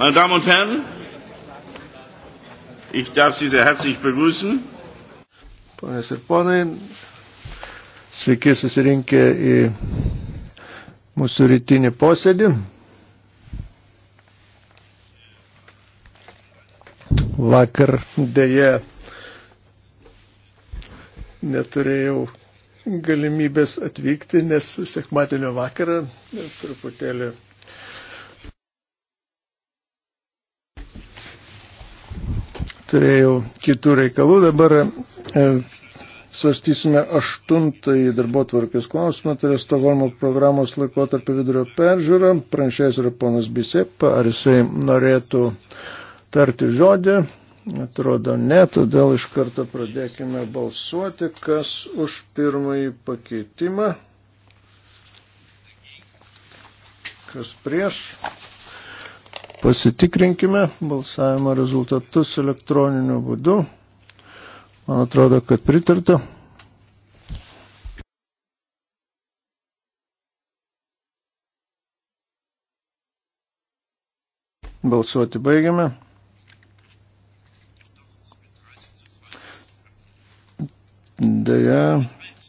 Meine Damen und Herren, ich darf Sie sehr herzlich begrüßen. Ponas ir ponai, sveiki susirinkę į mūsų rytinį posėdį. Vakar dėje neturėjau galimybės atvykti, nes sekmatinio vakarą truputėlį turėjau kitų reikalų. Dabar e, svarstysime aštuntąjį darbo tvarkės klausimą, tai yra Stokholmo programos laikotarpio vidurio peržiūra. Pranešėjas yra ponas Bisepa, ar jisai norėtų tarti žodį. Atrodo ne, todėl iš karto pradėkime balsuoti, kas už pirmąjį pakeitimą, kas prieš. Pasitikrinkime balsavimo rezultatus elektroniniu būdu. Man atrodo, kad pritarta. Balsuoti baigiame. Deja,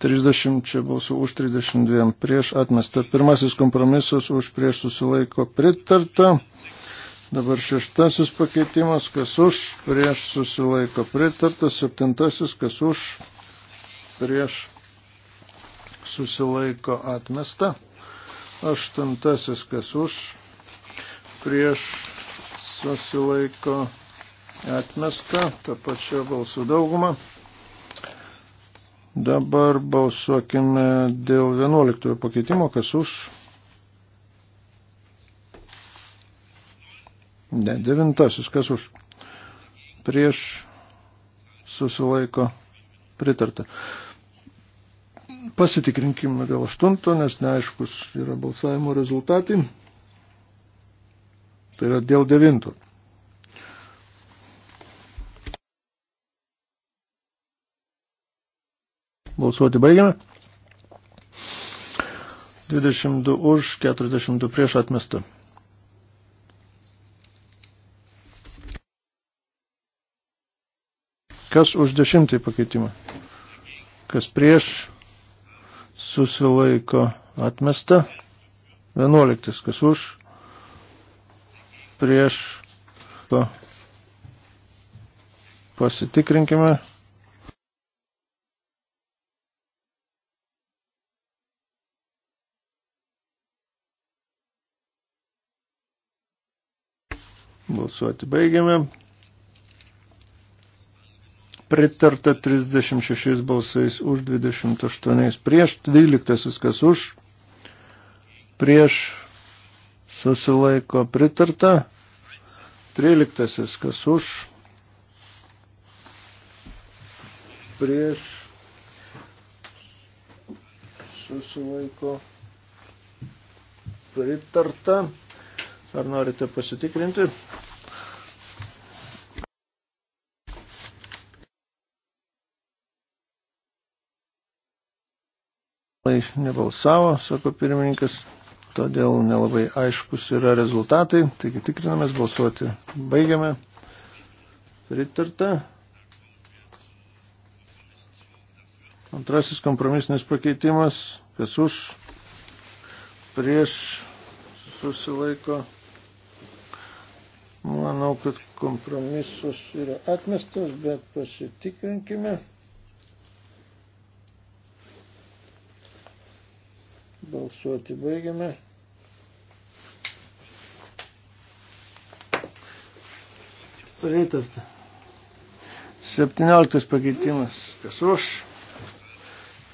30 čia balsų už 32 prieš atmestą. Pirmasis kompromisas už prieš susilaiko pritarta. Dabar šeštasis pakeitimas, kas už, prieš susilaiko pritartas, septintasis, kas už, prieš susilaiko atmesta, aštuntasis, kas už, prieš susilaiko atmesta, ta pačia balsų dauguma. Dabar balsuokime dėl 11 pakeitimo, kas už, Ne, devintasis, kas už prieš susilaiko pritarta. Pasitikrinkime dėl aštunto, nes neaiškus yra balsavimo rezultatai. Tai yra dėl devinto. Balsuoti baigiame. 22 už, 42 prieš atmestą. Kas už dešimtąjį pakeitimą? Kas prieš? Susilaiko atmesta. Vienuoliktas. Kas už? Prieš. Pasitikrinkime. Balsuoti baigiame pritarta 36 balsais už 28, prieš 12 kas už, prieš susilaiko pritarta, 13 kas už, prieš susilaiko pritarta. Ar norite pasitikrinti? liberalai nebalsavo, sako pirmininkas, todėl nelabai aiškus yra rezultatai. Taigi tikrinamės, balsuoti baigiame. Pritarta. Antrasis kompromisinis pakeitimas, kas už, prieš, susilaiko. Manau, kad kompromisus yra atmestas, bet pasitikrinkime. Balsuoti baigiame. Pritarta. 17 pakeitimas. Kas už?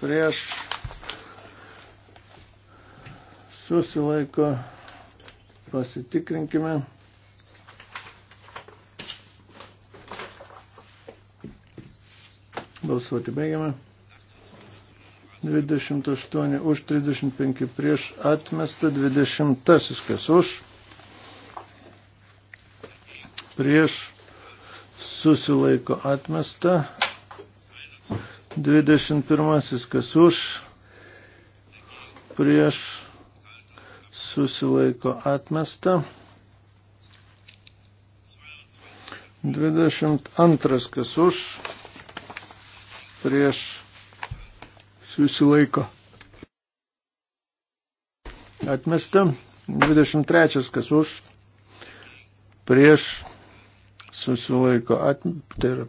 Prieš. Susilaiko. Pasitikrinkime. Balsuoti baigiame. 28 už 35 prieš atmestą 20 kas už prieš susilaiko atmestą 21 kas už prieš susilaiko atmestą 22 kas už prieš susilaiko. Atmesta. 23. kas už. Prieš susilaiko. At, tai yra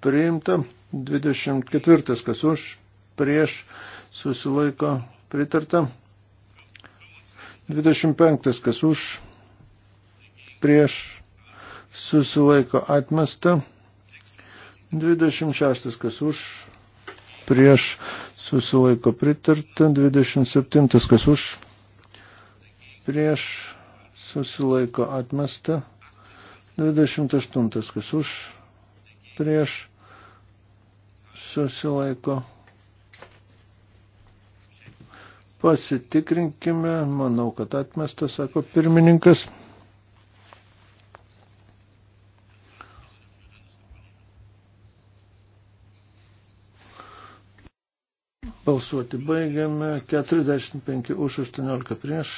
priimta. 24. kas už. Prieš susilaiko. Pritarta. 25. kas už. Prieš susilaiko atmesta. 26. kas už prieš susilaiko pritarta, 27 kas už, prieš susilaiko atmesta, 28 kas už, prieš susilaiko. Pasitikrinkime, manau, kad atmestas, sako pirmininkas. Balsuoti baigiame. 45 už 18 prieš.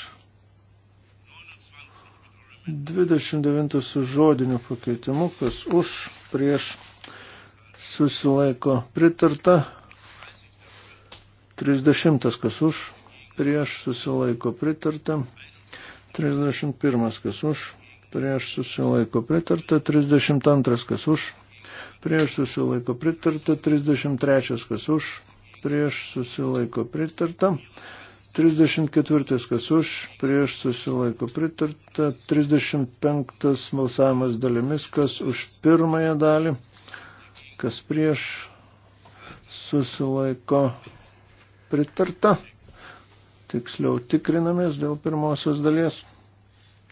29 su žodiniu pakeitimu, kas už prieš susilaiko pritarta. 30 kas už prieš susilaiko pritarta. 31 kas už prieš susilaiko pritarta. 32 kas už prieš susilaiko pritarta. 33 kas už prieš susilaiko pritarta. 34 kas už, prieš susilaiko pritarta. 35 balsavimas dalimis, kas už pirmąją dalį, kas prieš susilaiko pritarta. Tiksliau tikrinamės dėl pirmosios dalies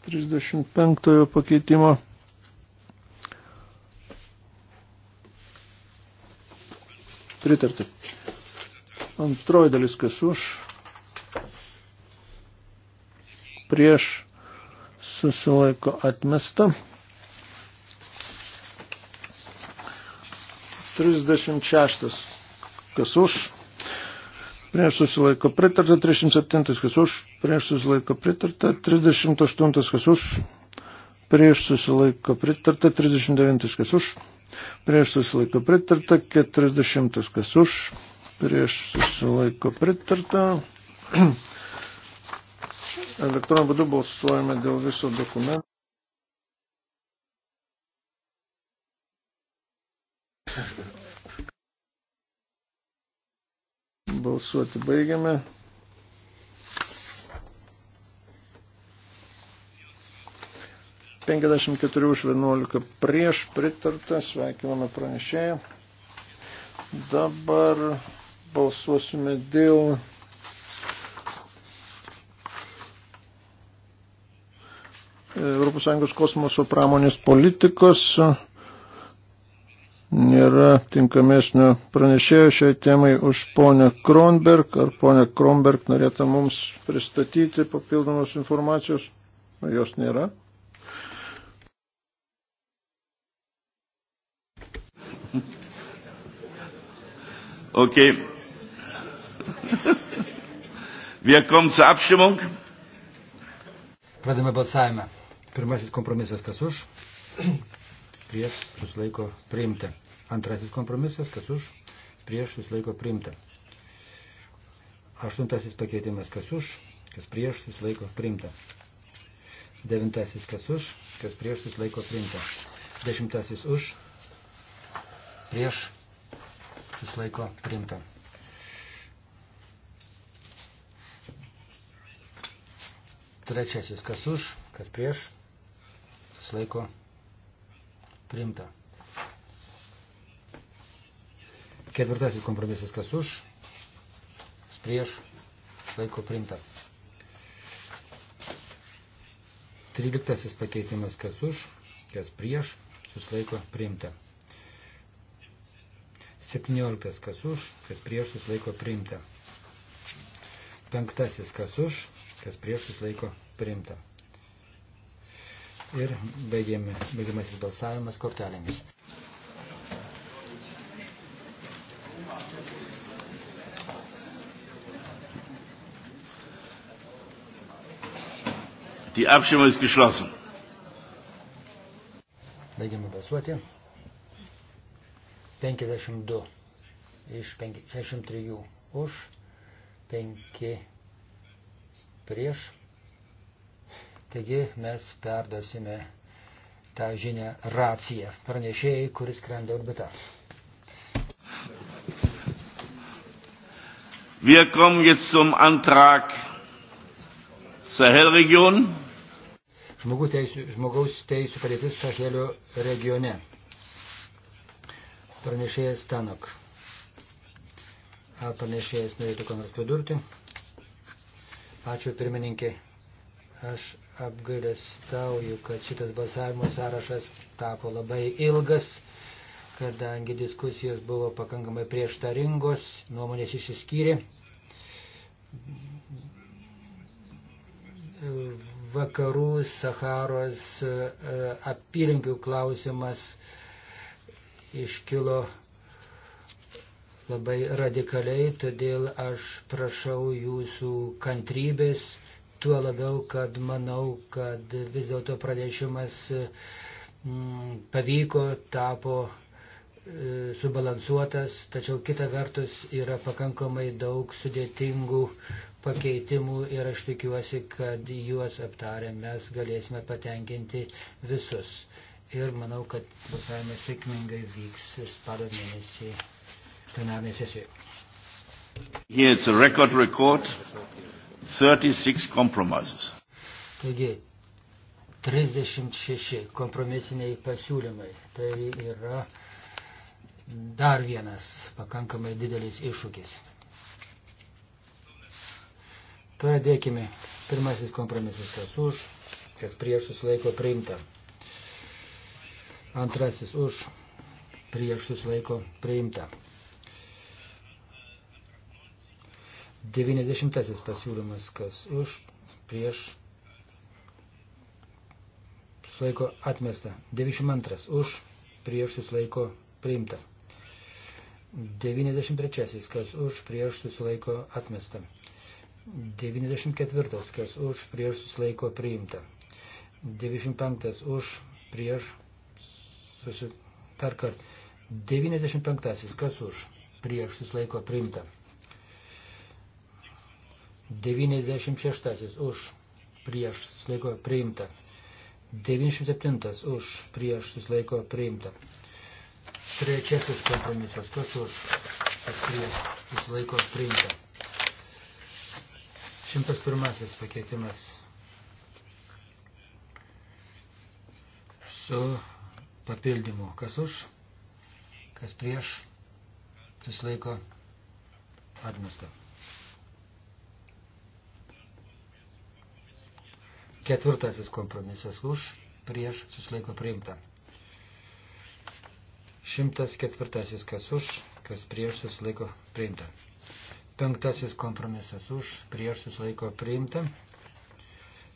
35 pakeitimo. Pritarta. Antroji dalis, kas už, prieš susilaiko atmesta. 36. Kas už? Prieš susilaiko pritarta. 37. Kas už? Prieš susilaiko pritarta. 38. Kas už? Prieš susilaiko pritarta. 39. Kas už? Prieš susilaiko pritarta. 40. Kas už? prieš susilaiko pritarta. Elektroniniu būdu balsuojame dėl viso dokumento. Balsuoti baigiame. Penkiasdešimt keturi už vienuolika prieš pritartą, sveikiname pranešėją. Dabar balsuosime dėl ES kosmoso pramonės politikos. Nėra tinkamesnio pranešėjo šiai temai už ponę Kronberg. Ar ponė Kronberg norėtų mums pristatyti papildomos informacijos? Jos nėra. Okay. Wir kommen zur Abstimmung. Pradame balsavimą. Pirmasis kompromisas, kas už, prieš susilaiko priimta. Antrasis kompromisas, kas už, prieš susilaiko priimta. Aštuntasis pakeitimas, kas už, kas prieš susilaiko priimta. Devintasis, kas už, kas prieš susilaiko priimta. Dešimtasis už, prieš susilaiko priimta. Trečiasis, kas už, kas prieš, susilaiko priimta. Ketvirtasis kompromisas, kas už, kas prieš, laiko priimta. Tryliktasis pakeitimas, kas už, kas prieš, susilaiko priimta. 17. Kas už, kas prieš, susilaiko priimta. Penktasis, kas už, kas prieš susilaiko priimta. Ir baigėme, baigiamasis balsavimas kortelėmis. Die Abstimmung ist geschlossen. Baigiame balsuoti. 52 iš 63 už. 5 prieš. Taigi mes perdosime tą žinę raciją pranešėjai, kuris krenda orbita. Wir kommen jetzt zum Antrag Sahelregion. Teisų, žmogaus teisų padėtis Sahelio regione. Pranešėjas Tanok. Ar pranešėjas norėtų ką nors pridurti? Ačiū pirmininkė. Aš apgailestauju, kad šitas balsavimo sąrašas tapo labai ilgas, kadangi diskusijos buvo pakankamai prieštaringos, nuomonės išsiskyrė vakarų Saharos e, apylinkių klausimas iškilo labai radikaliai, todėl aš prašau jūsų kantrybės, tuo labiau, kad manau, kad vis dėlto pranešimas m, mm, pavyko, tapo e, subalansuotas, tačiau kita vertus yra pakankamai daug sudėtingų pakeitimų ir aš tikiuosi, kad juos aptarę mes galėsime patenkinti visus. Ir manau, kad balsavimas sėkmingai vyks spalio mėnesį plenarnėje sesijoje. Here it's a record record, 36 compromises. Taigi, 36 kompromisiniai pasiūlymai. Tai yra dar vienas pakankamai didelis iššūkis. Pradėkime. Pirmasis kompromisas, kas už, kas prieš susilaiko priimta. Antrasis už, prieš susilaiko priimta. 90 pasiūlymas, kas už, prieš, susilaiko atmesta. 92 už, prieš, susilaiko priimta. 93 kas už, prieš, susilaiko atmesta. 94 kas už, prieš, susilaiko priimta. 95 už, prieš, susitarkart. 95 kas už, prieš, susilaiko priimta. 96 už prieš susilaiko priimta. 97 už prieš susilaiko priimta. Trečiasis kompromisas, kas už kas prieš susilaiko priimta. 101 pakeitimas su papildymu, kas už, kas prieš susilaiko atmestą. Ketvirtasis kompromisas už, prieš, susilaiko priimta. Šimtas ketvirtasis kas už, kas prieš, susilaiko priimta. Penktasis kompromisas už, prieš, susilaiko priimta.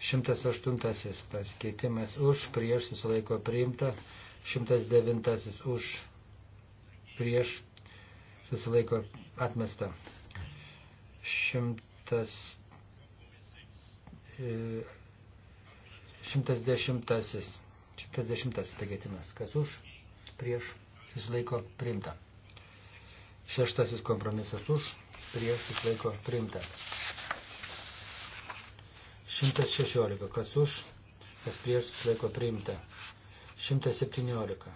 108 pasikeitimas už, prieš susilaiko priimta, 109 už, prieš susilaiko atmesta. 100, 110. 110 pagėtinas. Kas už? Prieš. Susilaiko priimta. Šeštasis kompromisas už. Prieš. Susilaiko priimta. 116. Kas už? Kas prieš? Susilaiko priimta. 117.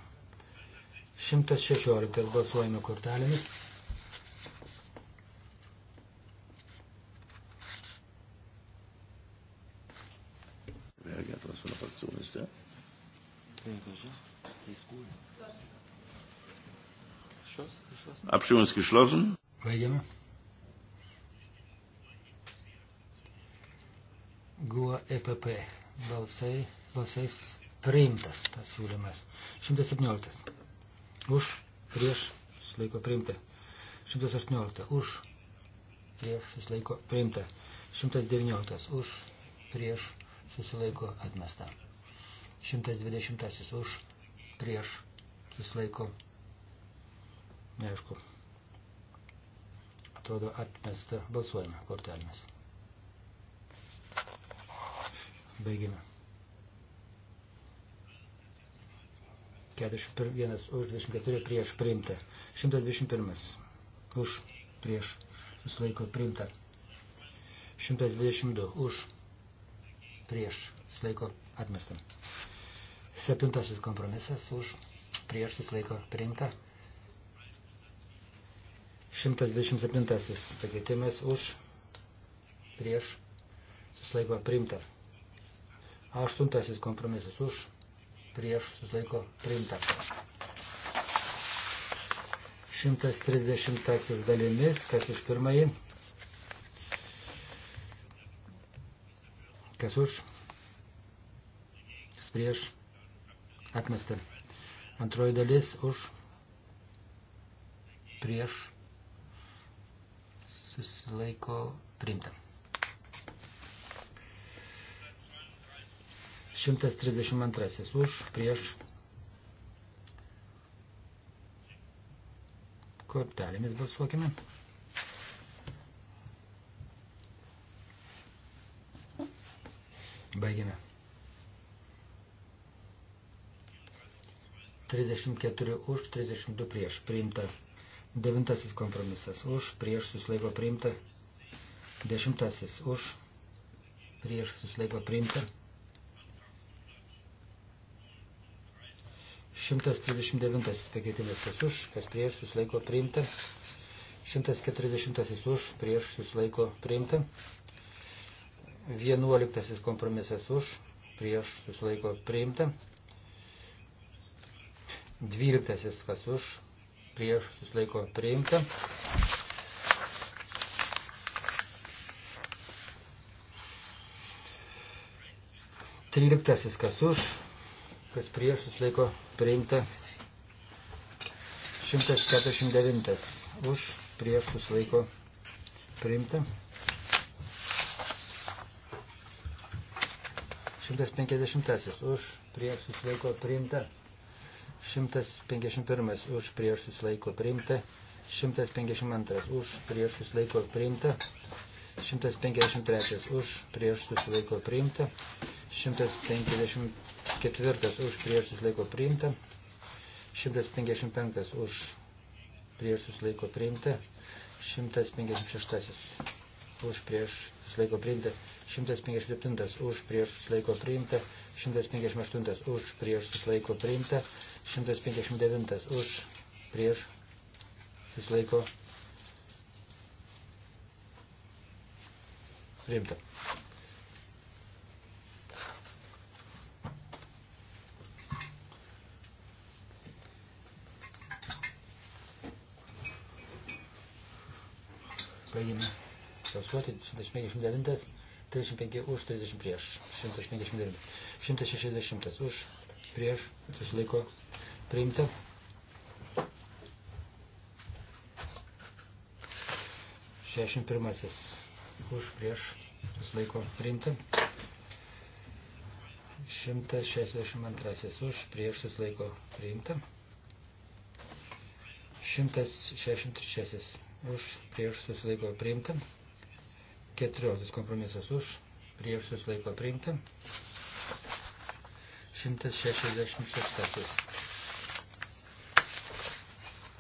116. Balsuojame kortelėmis. Abstimmung ist geschlossen. Baigiame. Guo EPP balsai, balsais priimtas pasiūlymas. 117. Už, prieš, išlaiko priimta. 118. Už, prieš, išlaiko priimta. 119. Už, prieš, susilaiko atmesta. 120. Už, prieš, susilaiko neaišku atrodo atmesta. Balsuojame kortelėmis. Baigime. 41 už 24 prieš priimta. 121 už prieš susilaiko priimta. 122 už prieš susilaiko atmesta. Septintasis kompromisas už prieš susilaiko priimta. 127 pakeitimas už prieš susilaiko priimta. Aštuntasis kompromisas už prieš susilaiko priimta. 130 dalimis, kas už pirmąjį, kas už, kas prieš, atmesta. Antroji dalis už prieš susilaiko priimta. 132 už prieš kortelėmis balsuokime. Baigiame. 34 už, 32 prieš. Priimta Devintasis kompromisas už, prieš susilaiko priimta. Dešimtasis už, prieš susilaiko priimta. 139 pakeitimas kas už, kas prieš susilaiko priimta. 140 už, prieš susilaiko priimta. 11 kompromisas už, prieš susilaiko priimta. 12 kas už, prieš susilaiko priimta. Tryliktasis, kas už, kas prieš susilaiko priimta. 149 už prieš susilaiko priimta. 150 už prieš susilaiko priimta. 151 už prieš susilaiko priimta, 152 už prieš susilaiko priimta, 153 už prieš susilaiko priimta, 154 už prieš susilaiko priimta, 155 už prieš susilaiko priimta, 156 už prieš susilaiko priimta, 157 už prieš susilaiko priimta, 158 už prieš susilaiko priimta, 159 už prieš susilaiko priimta. Baigime balsuoti 159 35 už, 30 prieš, 159. 160 už, prieš, susilaiko priimta. Šešim pirmasis už prieš susilaiko priimta. 162 už prieš susilaiko priimta. 163 už prieš susilaiko priimta. 14 kompromisas už, prieš susilaiko priimta. 166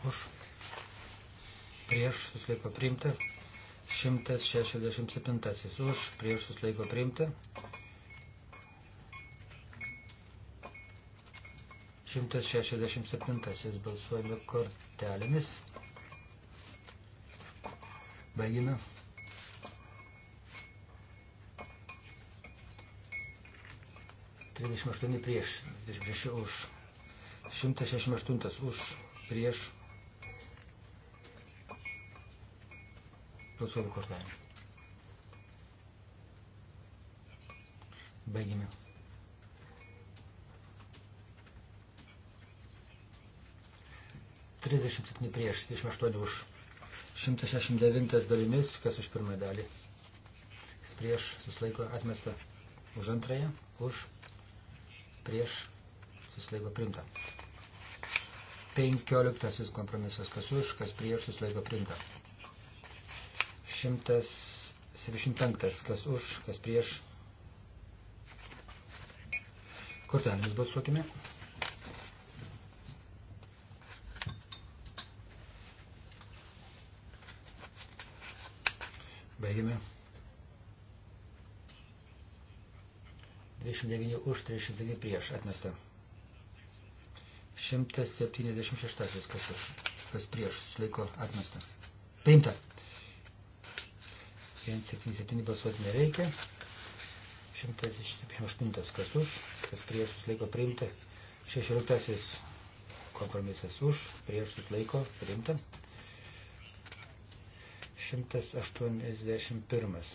už, prieš susilaiko priimta. 167 už, prieš susilaiko priimta. 167 balsuojame kortelėmis. Baigime. 38 prieš, 26 už, 168 už, prieš, balsuojam kortelę. Baigime. Trisdešimt septyni prieš, dvidešimt aštuoni už, šimtas šešimt devintas dalimis, kas už pirmąją dalį, kas prieš, susilaiko, atmesta už antrąją, už prieš susilaiko primta. 15 kompromisas, kas už, kas prieš susilaiko primta. 175, kas už, kas prieš. Kortelėmis balsuokime. Baigime. 29 už, 39 prieš atmesta. 176 kas už, kas prieš, sulaiko atmesta. Priimta. 177 balsuoti nereikia. 178 kas už, kas prieš, sulaiko priimta. 16 kompromisas už, prieš, sulaiko priimta. 181 kas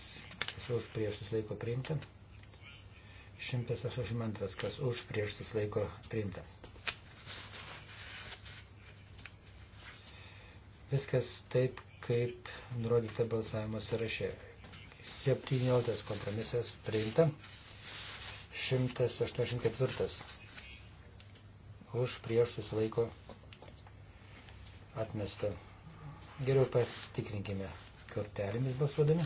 už, prieš, sulaiko priimta. 182, kas už prieš susilaiko priimta. Viskas taip, kaip nurodyta balsavimo sąraše. 17 kompromisas priimta. 184 už prieš susilaiko atmesta. Geriau pasitikrinkime kortelėmis balsuodami.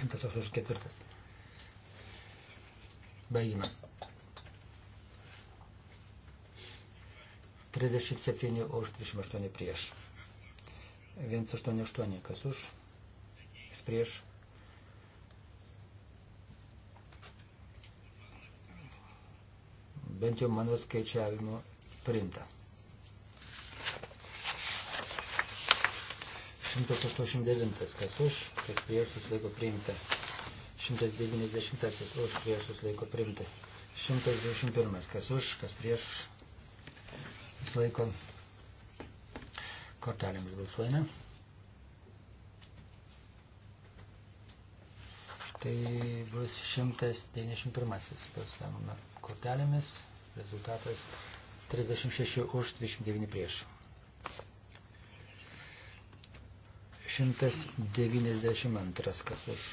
184. Baigime. 37 už 28 prieš. 188 kas už, kas prieš. Bent jau mano skaičiavimo priimta. 189 kas už, kas prieš susilaiko priimta. 190 už prieš susilaiko priimta. 121 kas už, kas prieš susilaiko. Kortelėmis balsuojame. Tai bus 191 balsavimo kortelėmis. Rezultatas 36 už 29 prieš. 192 kas už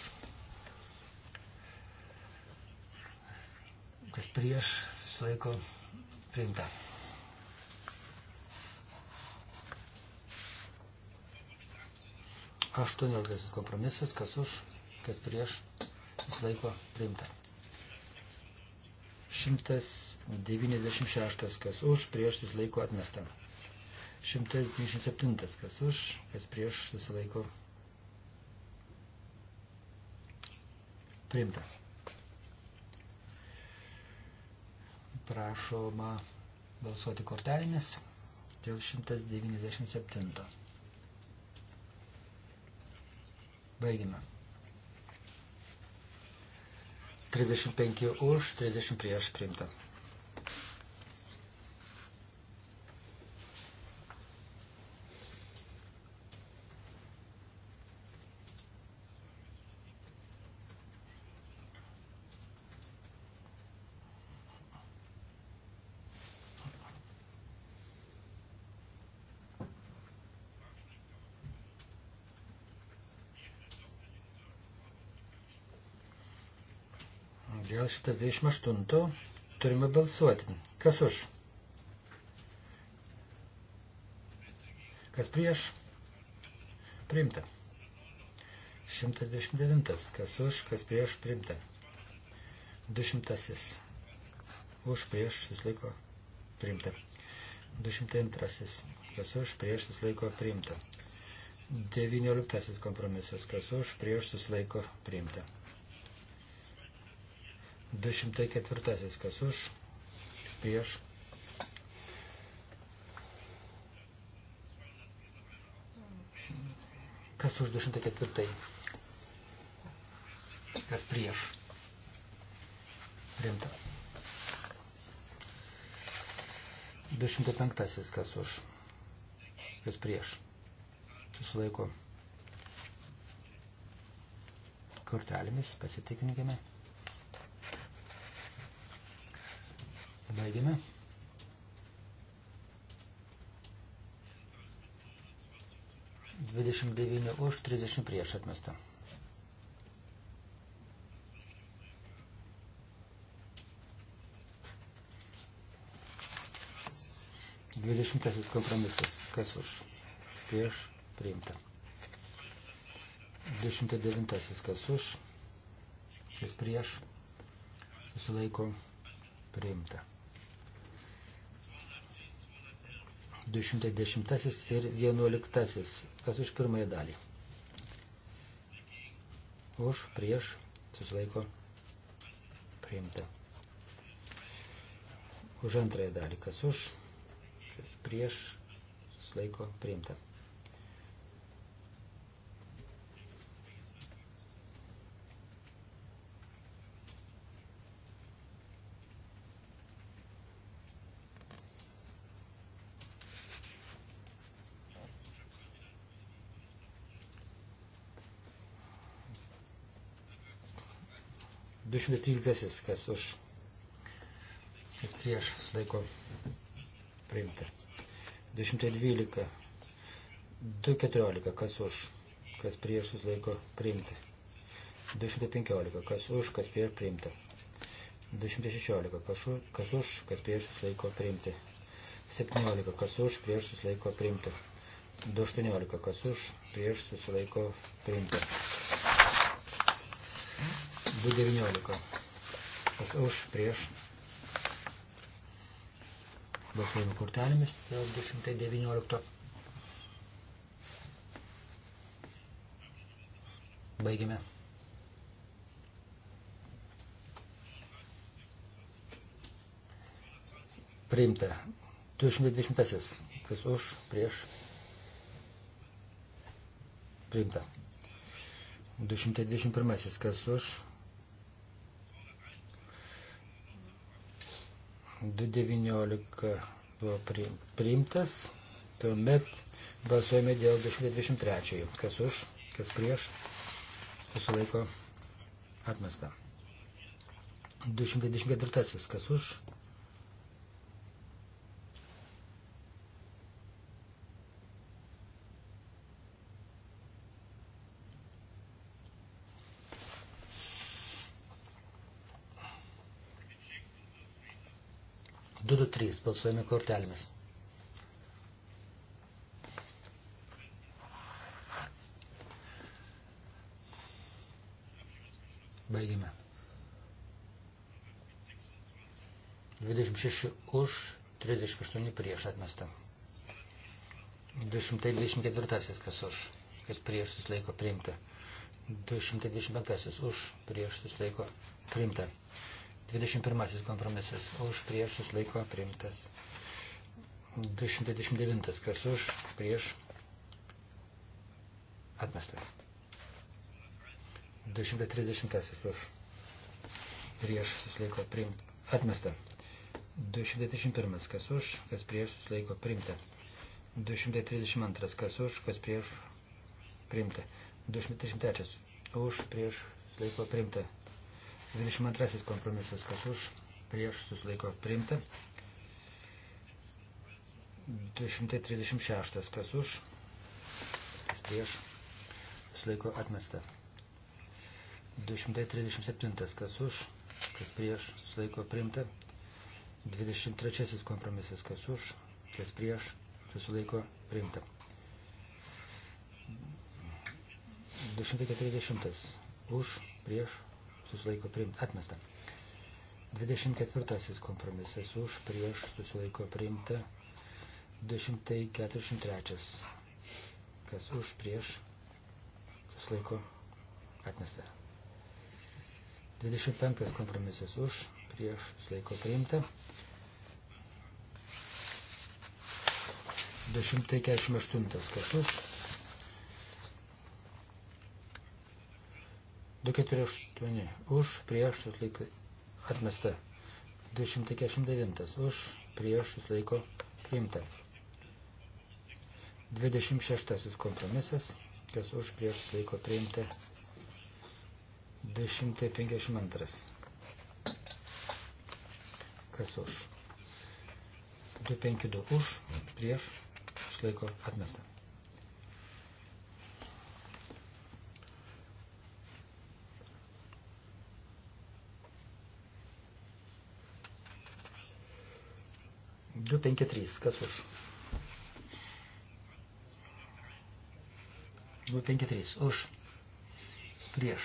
prieš susilaiko priimta. Aštuonioliktasis kompromisas, kas už, kas prieš susilaiko priimta. 196, kas už, prieš susilaiko atmesta. 127, kas už, kas prieš susilaiko priimta. Prašoma balsuoti kortelėmis dėl 197. Baigime. 35 už, 30 prieš primta. dėl 128 turime balsuoti. Kas už? Kas prieš? Priimta. 129. Kas už, kas prieš, priimta. 200. Už, prieš, susilaiko, priimta. 202. Kas už, prieš, susilaiko, priimta. 19. Kompromisas. Kas už, prieš, susilaiko, priimta. 204. Kas už? Prieš. Kas už 204? Kas prieš? Rimta. 205. Kas už? Kas prieš? Susilaiko kortelėmis pasitikrinkime. Baigėme. Dvidešimt devyni už, trisdešimt prieš atmestą. Dvidešimtasis kompromisas. Kas už? Prieš priimta. 209 kas už, kas prieš, susilaiko priimta. 210 ir 11. Kas už pirmąją dalį? Už, prieš, susilaiko, priimta. Už antrąją dalį, kas už, kas prieš, susilaiko, priimta. 113. Kas už? Kas prieš? Laiko priimta. 212. 214. Kas už? Kas prieš? Laiko priimta. 215. Kas už? Kas prieš? Priimta. 216. Kas, už, kas už? Kas prieš? Laiko priimta. 17. Kas už? Prieš? Laiko priimta. 218. Kas už? Prieš? Laiko priimta. 2.19. Kas už prieš balsuojame kortelėmis dėl 219. Baigiame. Priimta. 220. Kas už prieš priimta. 221. Kas už 219 buvo priimtas, tuomet balsuojame dėl 223. Kas už, kas prieš, susilaiko atmesta. 224. Kas už, balsuojame kortelėmis. Baigime. 26 už, 38 prieš atmestą. 224 kas už, kas prieš susilaiko priimta. 225 už, prieš susilaiko priimta. 21 kompromisas už prieš susilaiko priimtas. 229 kas už prieš atmestas. 230 kas už prieš susilaiko priimta. Atmesta. 221 kas už, kas prieš susilaiko priimta. 232 kas už, kas prieš priimta. 233 už prieš susilaiko priimta. 22 kompromisas, kas už, prieš susilaiko priimta. 236, kas už, kas prieš susilaiko atmesta. 237, kas už, kas prieš susilaiko priimta. 23 kompromisas, kas už, kas prieš susilaiko priimta. 240 už, prieš susilaiko priimta. Atmesta. 24 kompromisas už prieš susilaiko priimta. 243. Kas už prieš susilaiko atmesta. 25 kompromisas už prieš susilaiko priimta. 248 kas už 248 už, prieš, susilaiko atmesta. 249 už, prieš, susilaiko priimta. 26 kompromisas, kas už, prieš, susilaiko priimta. 252 kas už. 252 už, prieš, išlaiko atmestą. 253, kas už? 253, už, prieš,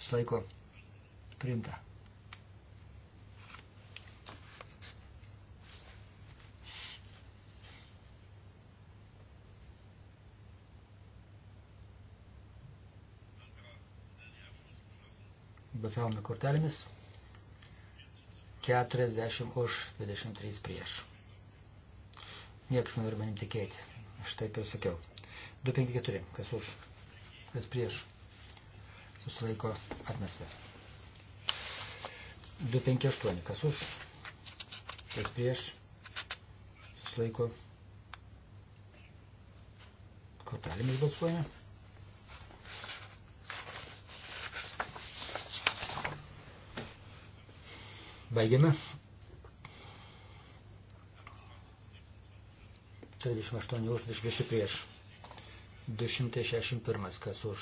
slaiko, priimta. Balsavome kortelėmis. 40 už, 23 prieš. Niekas nenori manim tikėti. Aš taip jau sakiau. 254. Kas už? Kas prieš? Susilaiko atmesta. 258. Kas už? Kas prieš? Susilaiko. Kortelėmis balsuojame. Baigiame. 38 už 26 prieš. 261 kas už.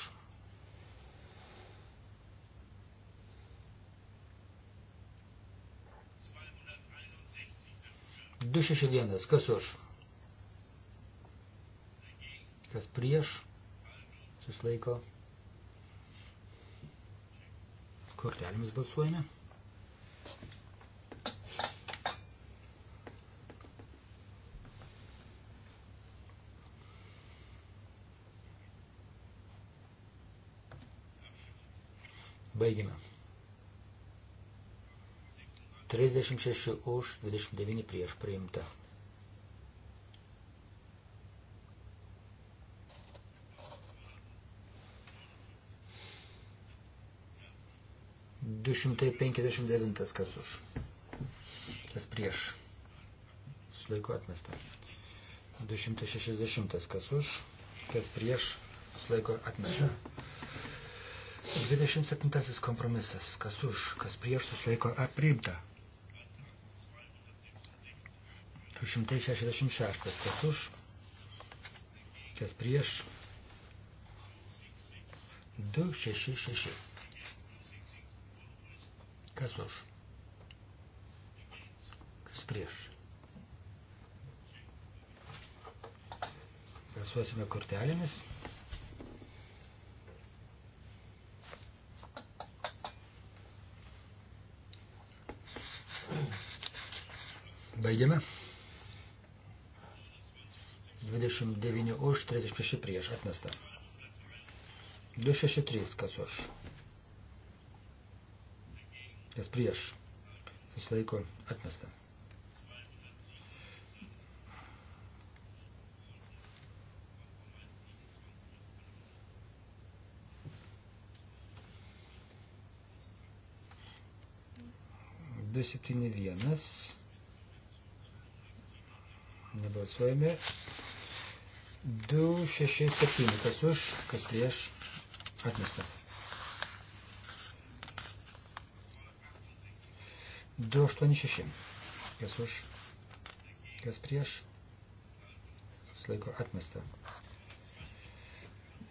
Du šeši vienas. Kas už? Kas prieš? Suslaiko. Kortelėmis balsuojame. Baigime. 36 už, 29 prieš priimta. Du šimtai penkiasdešimt devintas kas už. Kas prieš. Sulaiko atmesta. Du šimtai šešiasdešimtas kas už. Kas prieš. Sulaiko atmesta. 27 kompromisas. Kas už, kas prieš susilaiko priimta. 266. Kas už, kas prieš. 266. Kas už, kas prieš. Pasuosime kortelėmis. Baigiame. 29 už, 36 prieš atmesta. 263 kas už. Kas prieš. Susilaiko atmesta. Du septyni vienas nebalsuojame. 2, 6, 7, kas už, kas prieš, atmesta. 2, 8, 6, kas už, kas prieš, laiko atmesta.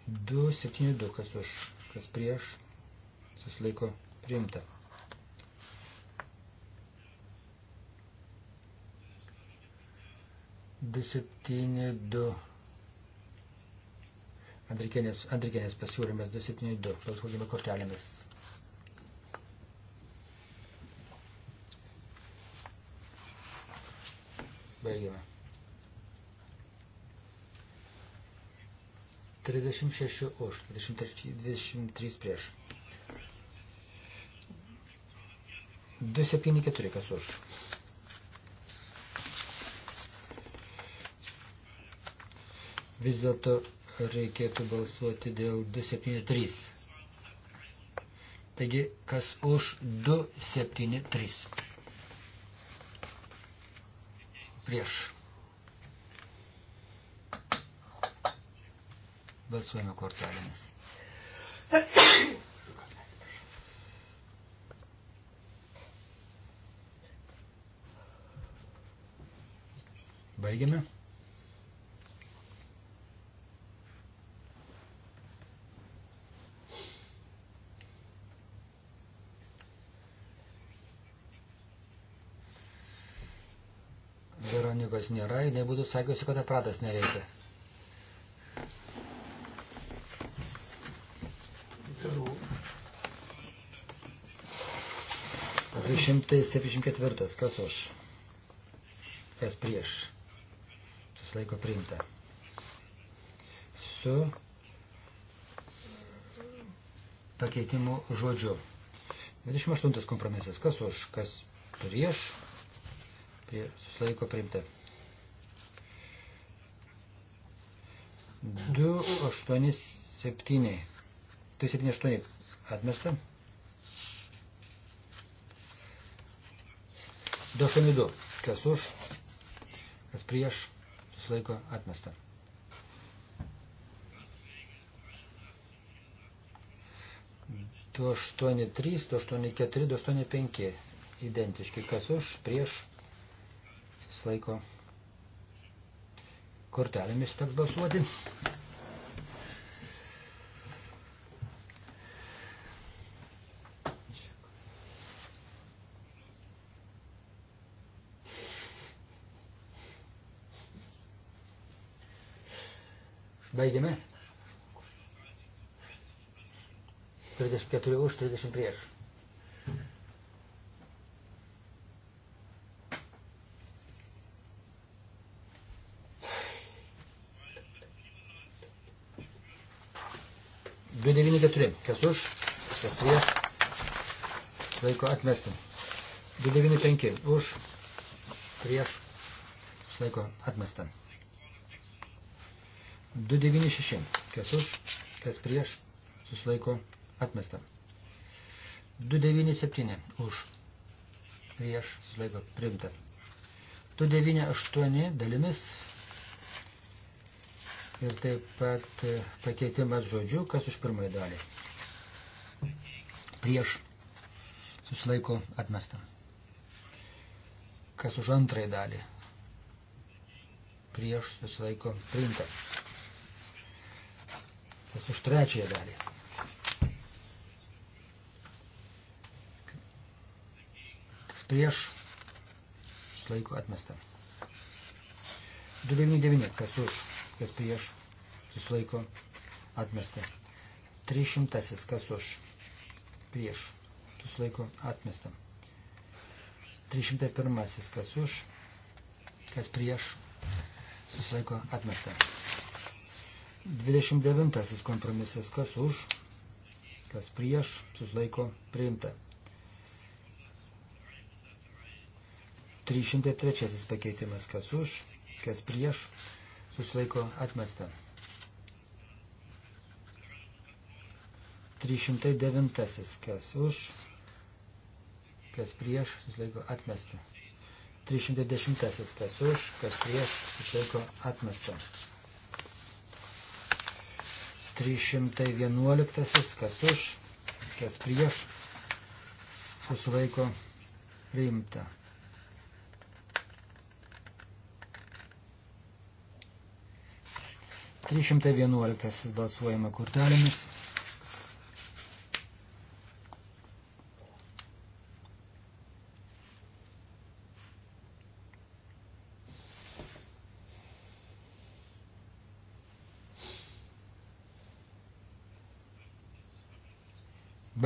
2, 7, 2, kas už, kas prieš, susilaiko priimta. 2, 272. Andrikienės, Andrikienės pasiūlymas 272. Balsuokime kortelėmis. Baigime. 36 už, 23, 23 prieš. 274 kas už. vis dėlto reikėtų balsuoti dėl 273. Taigi, kas už 273? Prieš. Balsuojame kortelėmis. Baigiame. jos nėra, jinai būtų sakiusi, kad aparatas neveikia. Toliau. 374. Kas už? Kas prieš? Susilaiko priimta. Su pakeitimu žodžiu. 28 kompromisas. Kas už, kas prieš, prie, susilaiko priimta. 287. 278 tai atmesta. 282. Kas už, kas prieš, susilaiko atmesta. Du aštuoni trys, du aštuoni keturi, du aštuoni penki. Identiški. Kas už, prieš, susilaiko kortelėmis teks balsuoti. Baigiame. 34 už, 30 prieš. Du devyni keturi. Kas už, kas prieš. Laiko atmesti. Du devyni penki. Už, prieš. Laiko atmesti. 296. Kas už, kas prieš, susilaiko atmesta. 297. Už, prieš, susilaiko primta. 298 dalimis. Ir taip pat e, pakeitimas žodžiu, kas už pirmąją dalį. Prieš susilaiko atmesta. Kas už antrąją dalį. Prieš susilaiko priimta. Kas už trečiąją dalį? Kas prieš? Laiko atmesta. 299. Kas už? Kas prieš? Susilaiko atmesta. 300. Kas už? Prieš. Susilaiko atmesta. 301. Kas už? Kas prieš? Susilaiko atmesta. 29 kompromisas, kas už, kas prieš, susilaiko priimta. 303 pakeitimas, kas už, kas prieš, susilaiko atmesta. 309 kas už, kas prieš, susilaiko atmesta. 310 kas už, kas prieš, susilaiko atmesta. 311, kas už, kas prieš, susilaiko priimta. Trys šimtai vienuoliktasis balsuojama kortelėmis.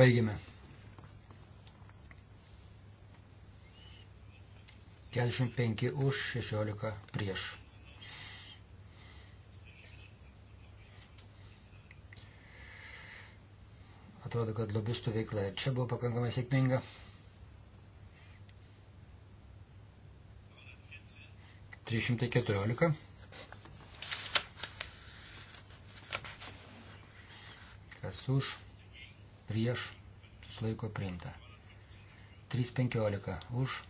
Baigime. Keturiasdešimt penki už, šešiolika prieš. Atrodo, kad lobistų veikla ir čia buvo pakankamai sėkminga. Trys šimtai keturiolika. 3 už prieš, susilaiko priimta. 3.15 už,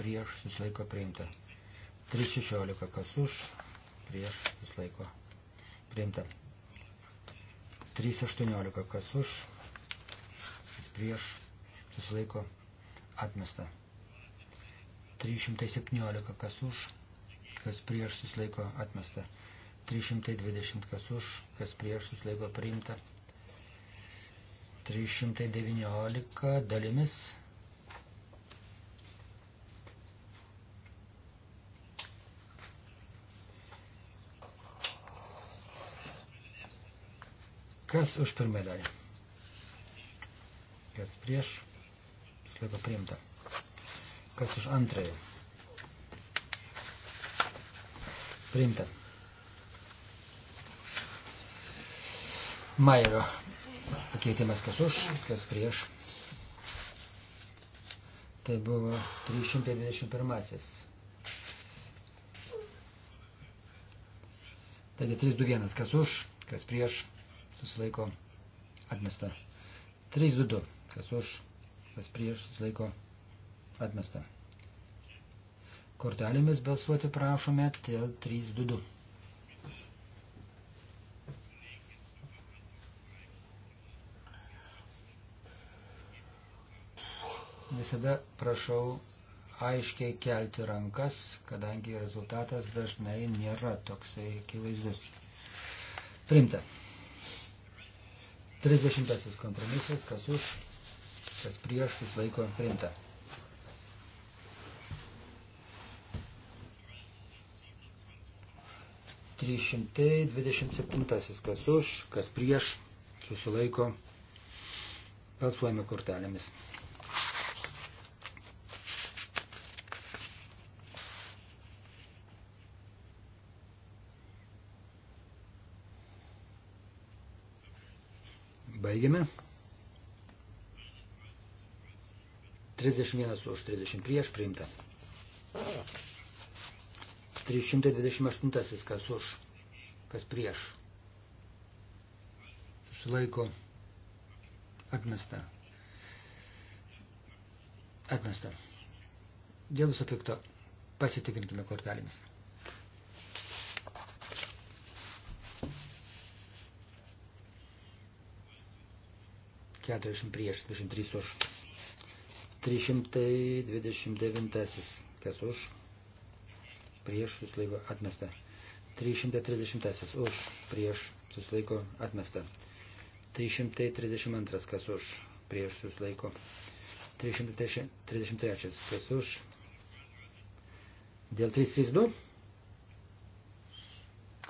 prieš, susilaiko priimta. 3.16 kas už, prieš, susilaiko priimta. 3.18 kas už, kas prieš, susilaiko atmesta. 317 kas už, kas prieš susilaiko atmesta. 320 kas už, kas prieš susilaiko priimta. 319 dalimis. Kas už pirmąją dalį? Kas prieš? Išlieka priimta. Kas už antrąją? Priimta. Mairio pakeitimas kas už, kas prieš. Tai buvo 321. Taigi 321, kas už, kas prieš, susilaiko atmesta. 322, kas už, kas prieš, susilaiko atmesta. Kortelėmis balsuoti prašome dėl 322. visada prašau aiškiai kelti rankas, kadangi rezultatas dažnai nėra toksai akivaizdus. Primta. 30 kompromisas, kas už, kas prieš, susilaiko primta. Trys šimtai dvidešimt septintasis, kas už, kas prieš, susilaiko, balsuojame kortelėmis. Baigiame. 31 už 30 prieš priimta. 328 kas už, kas prieš. Susilaiko atmesta. Atmesta. Dėl viso pikto pasitikrinkime kortelėmis. 40 prieš, 23 už. 329 kas už. Prieš susilaiko atmesta. 330 už. Prieš susilaiko atmesta. 332 kas už. Prieš susilaiko. 333 kas už. Dėl 332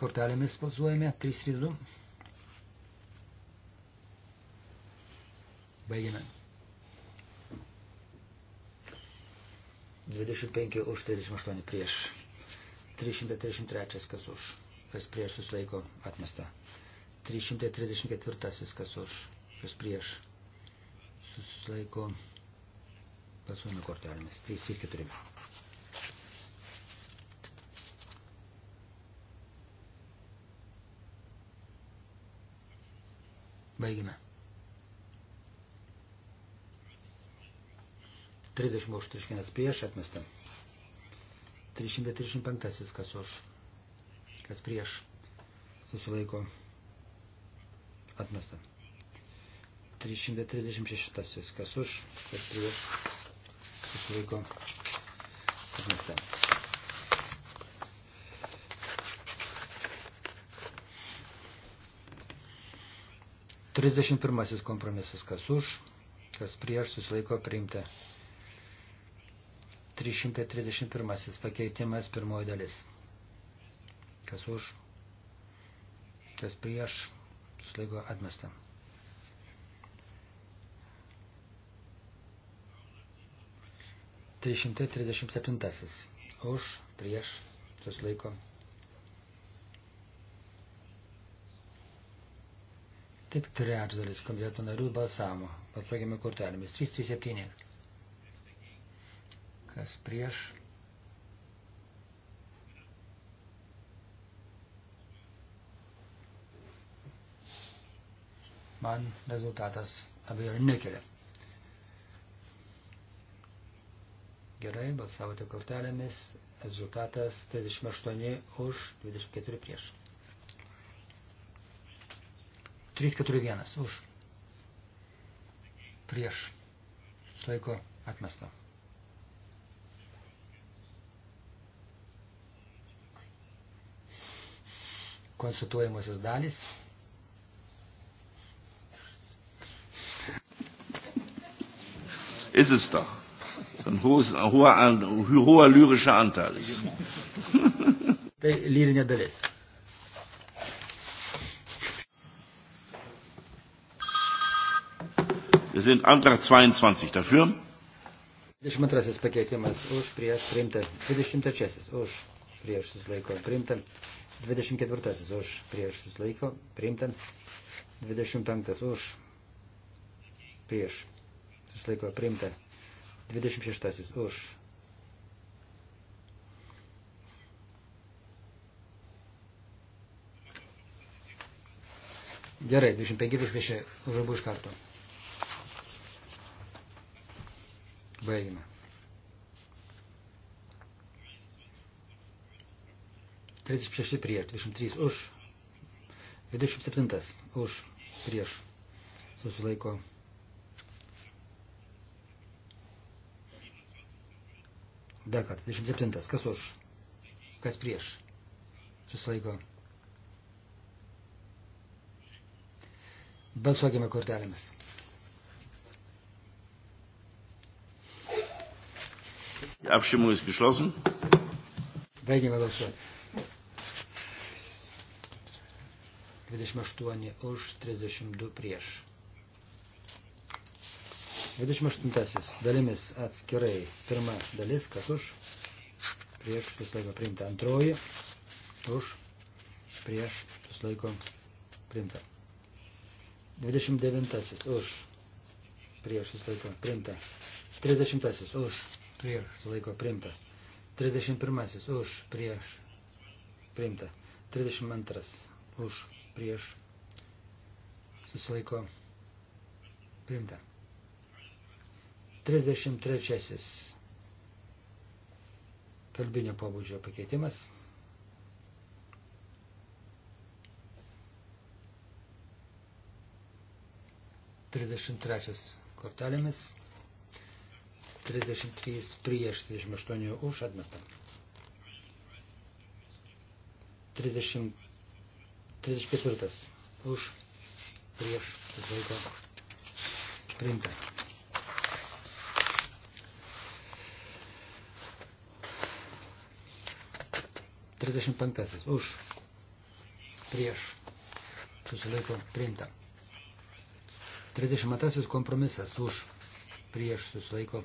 kortelėmis balsuojame 332. Baigime. 25 už 38 prieš. 333 kas už. Kas prieš susilaiko atmesta. 334 kas už. Kas prieš susilaiko pasuojame kortelėmis. 334. Baigime. 30 už 31 prieš atmestą. 335 kas už, kas prieš susilaiko atmestą. 336 kas už, kas prieš susilaiko atmestą. Trisdešimt pirmasis kompromisas, kas už, kas prieš, susilaiko priimta. 331 pakeitimas pirmoji dalis. Kas už, kas prieš, suslaigo atmestą. Trišimtai trisdešimt septintasis. Už, prieš, suslaiko. Tik trečdalis komiteto narių balsavo. Pasakėme kortelėmis. 337 kas prieš. Man rezultatas abejonių nekelia. Gerai, balsavote kortelėmis, rezultatas 38 už 24 prieš. 341 už prieš. Išlaiko atmesto. konsultuojamosios dalis. Ist es doch. Das ist ein, hohes, ein, hoher, ein hoher lyrischer Anteil. Ist. tai lyrinė dalis. Wir sind Antrag 22 dafür. 22 pakeitimas už prieš priimta. 23 už prieš susilaiko priimta. 24 už prieš susilaiko priimta. 25 už prieš susilaiko priimta. 26 už Gerai, 25 užpiešė už abu iš karto. Baigime. 36 prieš, 23 už, 27 už, prieš, susilaiko. Dar kartą, 27, kas už, kas prieš, susilaiko. Balsuokime kortelėmis. Abstimmung ist geschlossen. Baigėme balsuoti. 28 už 32 prieš. 28. Dalimis atskirai. Pirma dalis, kas už, prieš, susilaiko priimta. Antroji, už, prieš, susilaiko priimta. 29. Už, prieš, susilaiko priimta. 30. Už, prieš, susilaiko priimta. 31. Už, prieš, priimta. 32. Už, prieš susilaiko primta. 33. Kalbinio pobūdžio pakeitimas. Trisdešimt trečias kortelėmis, trisdešimt trys prieš, trisdešimt aštuoni už atmestą. Trisdešimt 34. Už prieš laiko priimta. Trisdešimt penktasis. Už. Prieš. Susilaiko. Priimta. Trisdešimt antrasis kompromisas. Už. Prieš. Susilaiko.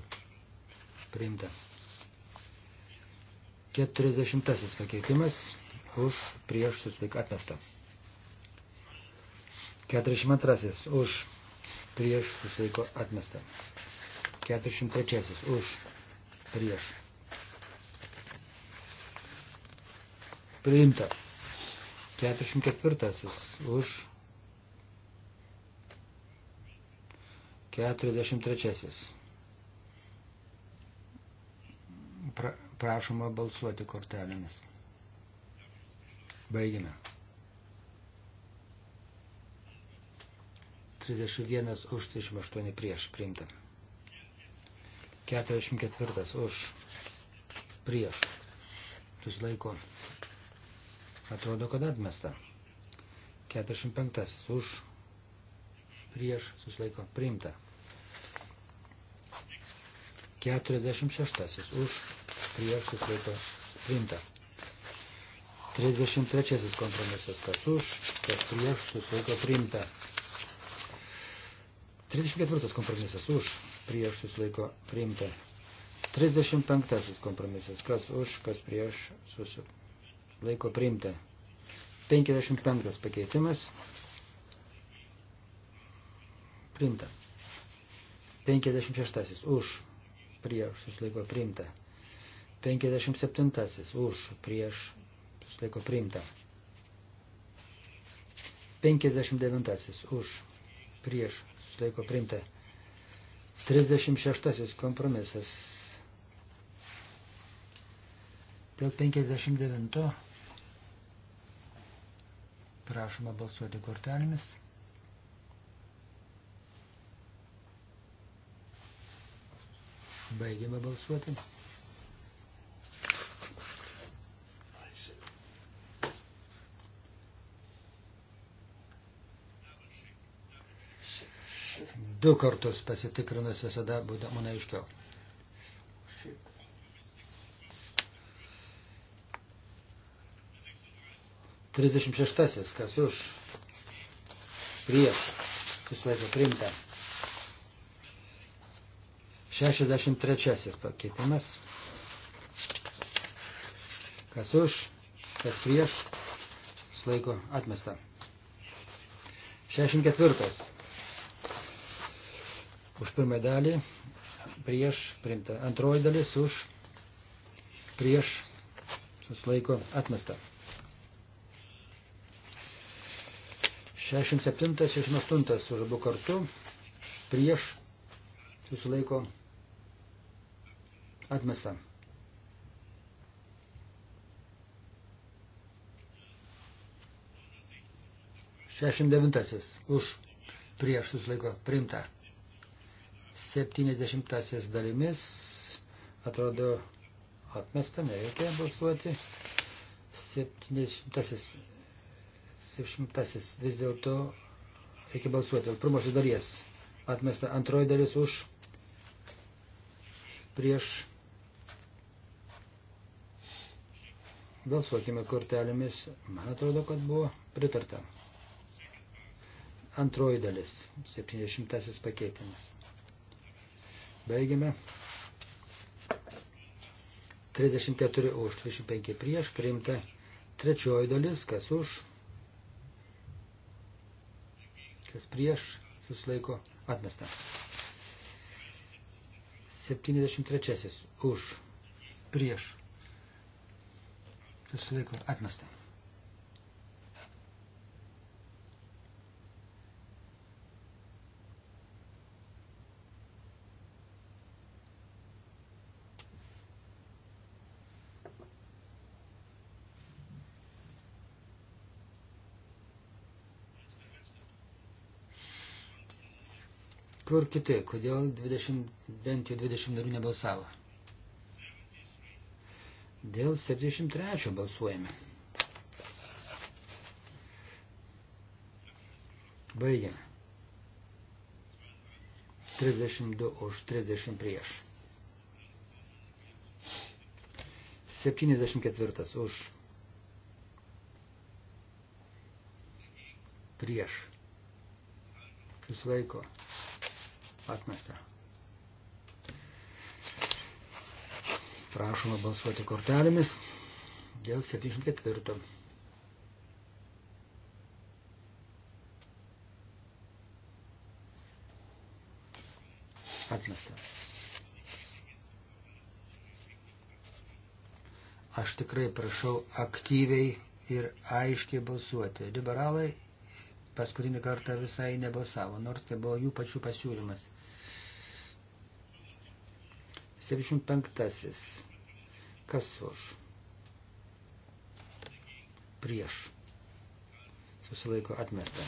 Priimta. Keturiasdešimtasis pakeitimas. Už. Prieš. Susilaiko. Atmesta. 42 už prieš susilaiko atmesta. 43 už prieš. Priimta. 44 už 43. Pra, prašoma balsuoti kortelėmis. Baigime. 31 už 38 prieš priimta. 44 už prieš. Susilaiko. Atrodo, kad atmesta. 45 už prieš susilaiko priimta. 46 už prieš susilaiko priimta. 33 kompromisas, kas už, kas prieš susilaiko priimta. 34 kompromisas už, prieš susilaiko priimta. 35 kompromisas, kas už, kas prieš susilaiko priimta. 55 pakeitimas priimta. 56 už, prieš susilaiko priimta. 57 už, prieš susilaiko priimta. 59 už, prieš susilaiko priimta. 36 kompromisas. Dėl 59 prašoma balsuoti kortelėmis. Baigiame balsuoti. du kartus pasitikrinus visada būna aiškiau. Trisdešimt šeštasis, kas už, prieš, jūs laiko primta. Šešiasdešimt trečiasis pakeitimas, kas už, kas prieš, jūs laiko atmesta. Šešiasdešimt ketvirtas, Už pirmą dalį prieš primta. Antroji dalis už prieš susilaiko atmesta. 67-68 už abu kartu prieš susilaiko atmesta. Šešim devintasis už prieš susilaiko primta. 70 dalimis, atrodo, atmesta, nereikia balsuoti. 70, 70 vis dėlto reikia balsuoti dėl pirmosios dalies. Atmesta antroji dalis už prieš. Balsuokime kortelėmis. Man atrodo, kad buvo pritarta. Antroji dalis, 70 pakeitimas. Baigiame. 34 už, 25 prieš, priimta trečioji dalis, kas už, kas prieš, susilaiko, atmesta. 73 už, prieš, susilaiko, atmesta. kur kiti, kodėl 20, bent jau 20 narių nebalsavo. Dėl 73 balsuojame. Baigiame. 32 už 30 prieš. 74 už. Prieš. Susilaiko. laiko Atmesta. Prašoma balsuoti kortelėmis dėl 74. Atmesta. Aš tikrai prašau aktyviai ir aiškiai balsuoti. Liberalai paskutinį kartą visai nebalsavo, nors tai buvo jų pačių pasiūlymas. 75. Kas už? Prieš. Susilaiko atmesta.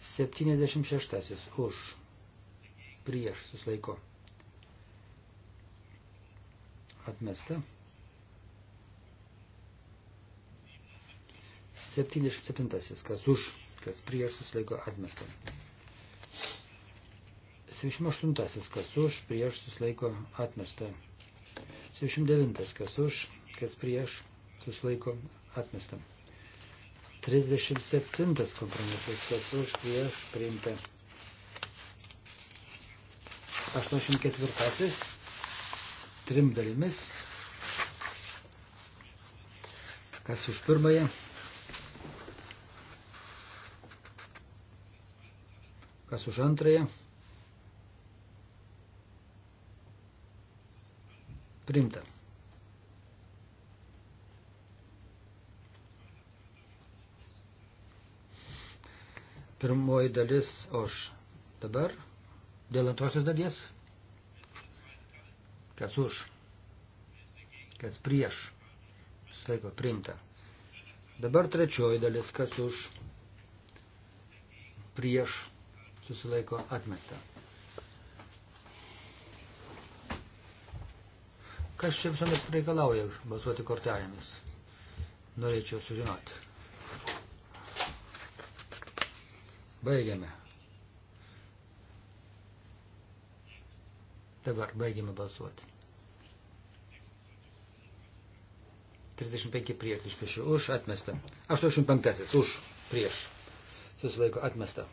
76. Už. Prieš. Susilaiko. Atmesta. 77. Kas už, kas prieš susilaiko atmestą. 78 kas už, prieš susilaiko atmesta. 79 kas už, kas prieš susilaiko atmesta. 37 kompromisas kas už, prieš priimta. 84 trim dalimis. Kas už pirmąją? Kas už antrąją? Priimta. Pirmoji dalis už dabar. Dėl antrosios dalies. Kas už. Kas prieš. Sveiko, priimta. Dabar trečioji dalis, kas už prieš susilaiko atmesta. Kas čia visuomet reikalauja balsuoti kortelėmis? Norėčiau sužinoti. Baigiame. Dabar baigiame balsuoti. 35 prieš, prieš, už, atmesta. 85 už, prieš. Susilaiko atmesta.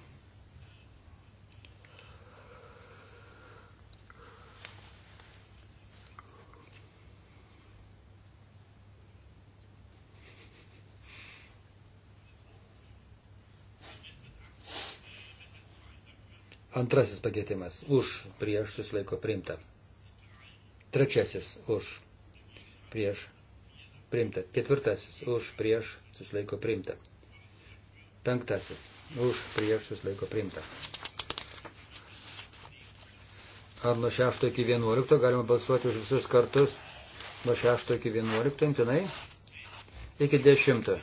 Antrasis pakeitimas už prieš susilaiko priimta. Trečiasis už prieš priimta. Ketvirtasis už prieš susilaiko priimta. Penktasis už prieš susilaiko priimta. Ar nuo 6 iki 11 galima balsuoti už visus kartus? Nuo 6 iki 11 imtinai? Iki 10.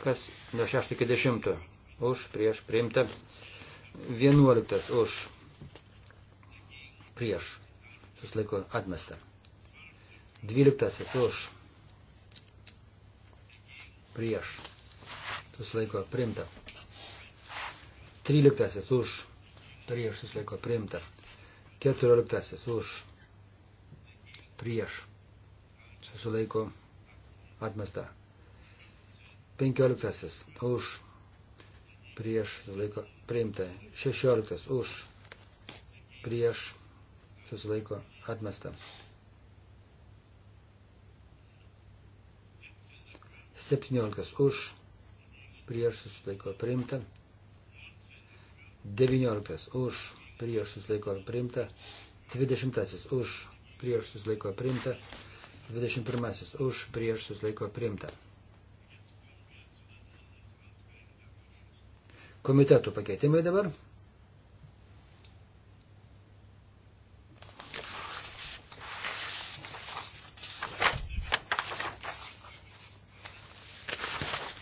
Kas nuo 6 iki 10? Už prieš priimta. 11 už prieš susilaiko atmesta. 12 už prieš susilaiko primta. 13 už prieš susilaiko primta. 14 už prieš susilaiko atmesta. 15 už prieš susilaiko priimta. 16 už prieš susilaiko atmesta. 17 už prieš susilaiko priimta. 19 už prieš susilaiko priimta. 20 už prieš susilaiko priimta. 21 už prieš susilaiko priimta. komitetų pakeitimai dabar.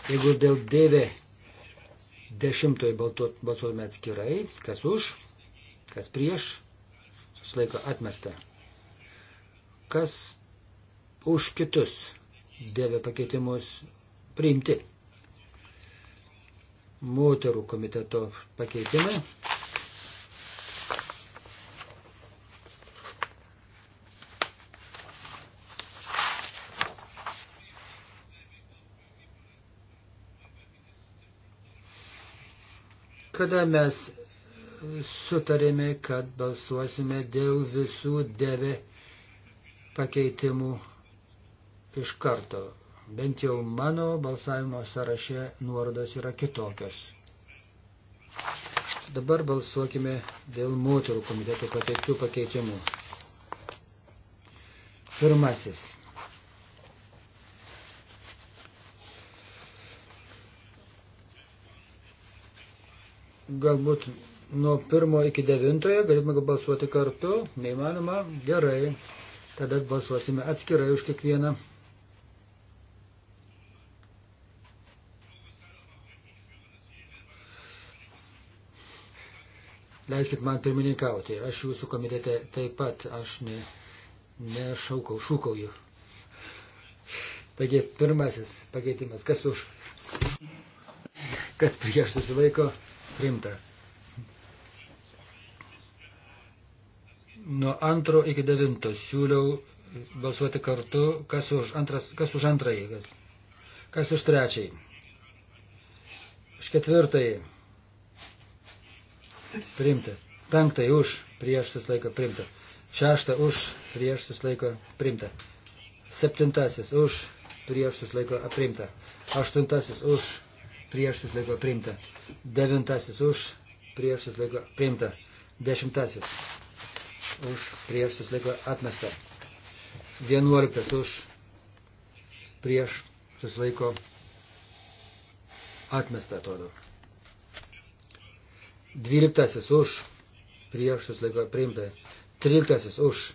Jeigu dėl dėvė dešimtojo balsuojame atskirai, kas už, kas prieš, susilaiko atmesta. Kas už kitus dėvė pakeitimus priimti moterų komiteto pakeitimai. Kada mes sutarėme, kad balsuosime dėl visų deve pakeitimų iš karto. Bent jau mano balsavimo sąraše nuorodos yra kitokios. Dabar balsuokime dėl moterų komiteto pateiktų pakeitimų. Pirmasis. Galbūt nuo pirmo iki devintojo galime balsuoti kartu, neįmanoma, gerai. Tada balsuosime atskirai už kiekvieną leiskit man pirmininkauti, aš jūsų komitete taip pat, aš ne, nešaukau, šūkauju. Taigi, pirmasis pakeitimas, kas už, kas prieš susilaiko, primta. Nuo antro iki devinto siūliau balsuoti kartu, kas už, antras, kas už antrąjį, kas, kas už trečiąjį, už ketvirtąjį priimta. Penktai už, prieš susilaiko priimta. Šešta už, prieš susilaiko priimta. Septintasis už, prieš susilaiko priimta. Aštuntasis už, prieš susilaiko priimta. Devintasis už, prieš susilaiko priimta. Dešimtasis už, prieš susilaiko atmesta. Vienuoliktas už, prieš susilaiko atmesta atrodo. Dvyliktasis už prieš susilaiko priimta. Tryliktasis už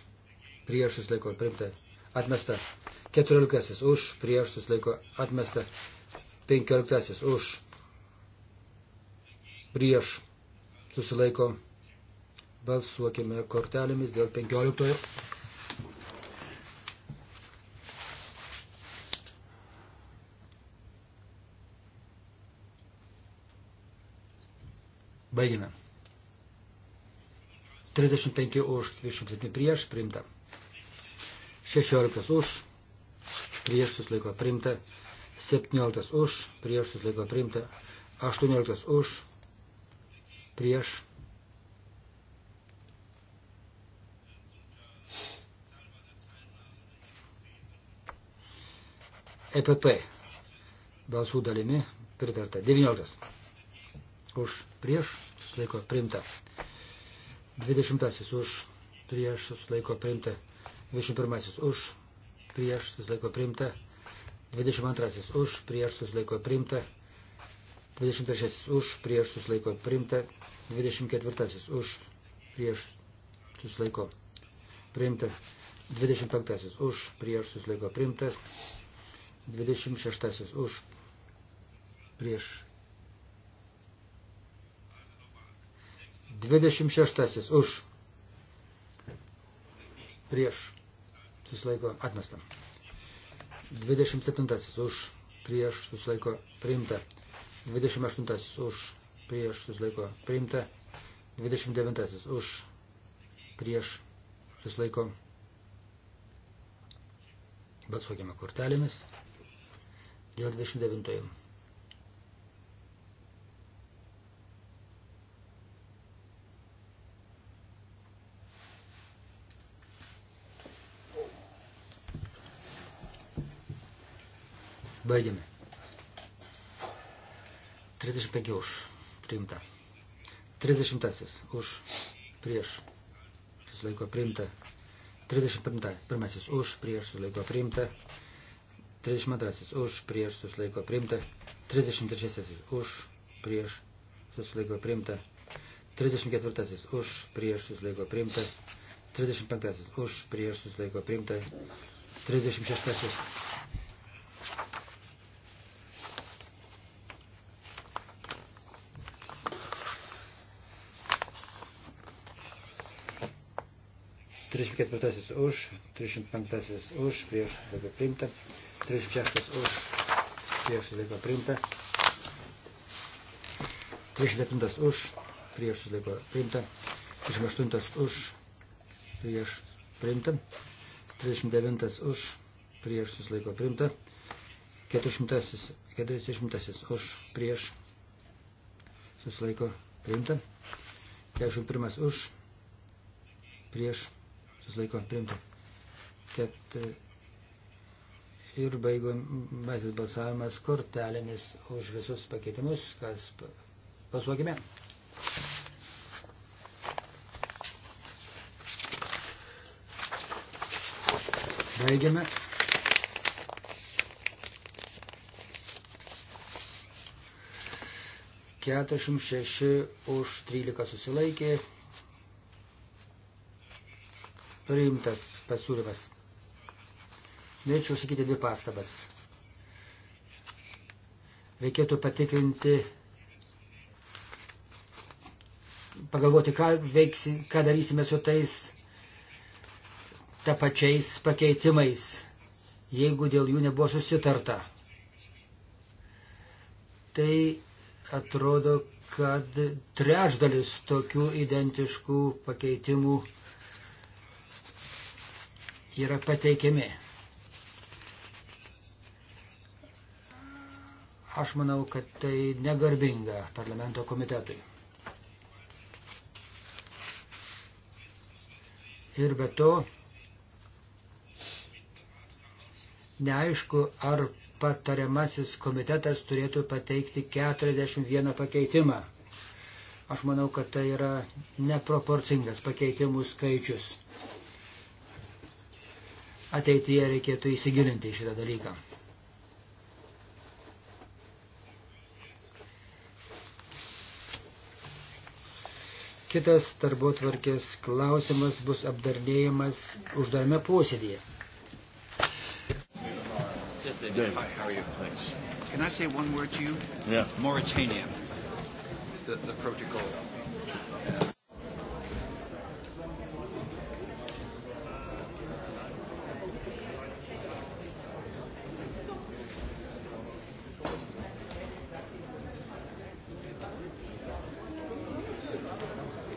prieš susilaiko priimta. Atmesta. Keturioliktasis už prieš susilaiko atmesta. Penkioliktasis už prieš susilaiko. Balsuokime kortelėmis dėl penkioliktojo. Baigime. 35 už, 27 prieš, primta. 16 už, prieš susilaiko primta. 17 už, prieš susilaiko primta. 18 už, prieš. EPP balsų dalimi pritarta 19 už prieš susilaiko priimta. 20 už prieš susilaiko priimta. 21 už prieš susilaiko priimta. 22 už prieš susilaiko priimta. 23 už prieš susilaiko priimta. 24 už prieš susilaiko priimta. 25 už prieš susilaiko priimtas. 26 už prieš 26 už. Prieš. Susilaiko atmesta. 27 už. Prieš. Susilaiko priimta. 28 už. Prieš. Susilaiko priimta. 29 už. Prieš. Susilaiko. Balsuokime kortelėmis. Dėl 29. Baigiame. 35 už. Priimta. 30 už. Prieš. Susilaiko priimta. 31 pirmasis už. Prieš. Susilaiko priimta. 32 už. Prieš. Susilaiko priimta. 33 už. Prieš. Susilaiko priimta. 34 už. Prieš. Susilaiko priimta. 35 už. Prieš. Susilaiko priimta. 36 34 už, 35 už, prieš susilaiko priimta, 36 už, prieš susilaiko priimta, 37 už, prieš susilaiko priimta, 38 už, prieš priimta, 39 už, prieš susilaiko priimta, 400, 40 už, prieš susilaiko priimta, 41 už, prieš susilaiko priimta. Ket, ir baigomasis balsavimas kortelėmis už visus pakeitimus, kas pasuokime. Baigiame. Keturiasdešimt šeši už trylika susilaikė rimtas pasiūlymas. Norėčiau sakyti dvi pastabas. Reikėtų patikrinti, pagalvoti, ką, veiksi, ką darysime su tais tapačiais pakeitimais, jeigu dėl jų nebuvo susitarta. Tai atrodo, kad trečdalis tokių identiškų pakeitimų yra pateikiami. Aš manau, kad tai negarbinga parlamento komitetui. Ir be to, neaišku, ar patariamasis komitetas turėtų pateikti 41 pakeitimą. Aš manau, kad tai yra neproporcingas pakeitimų skaičius ateityje reikėtų įsigilinti į šitą dalyką. Kitas darbotvarkės klausimas bus apdarnėjimas uždarame posėdėje. David. Hi, how are you? Thanks. Can I say one word to you? Yeah. Mauritania, the, the protocol.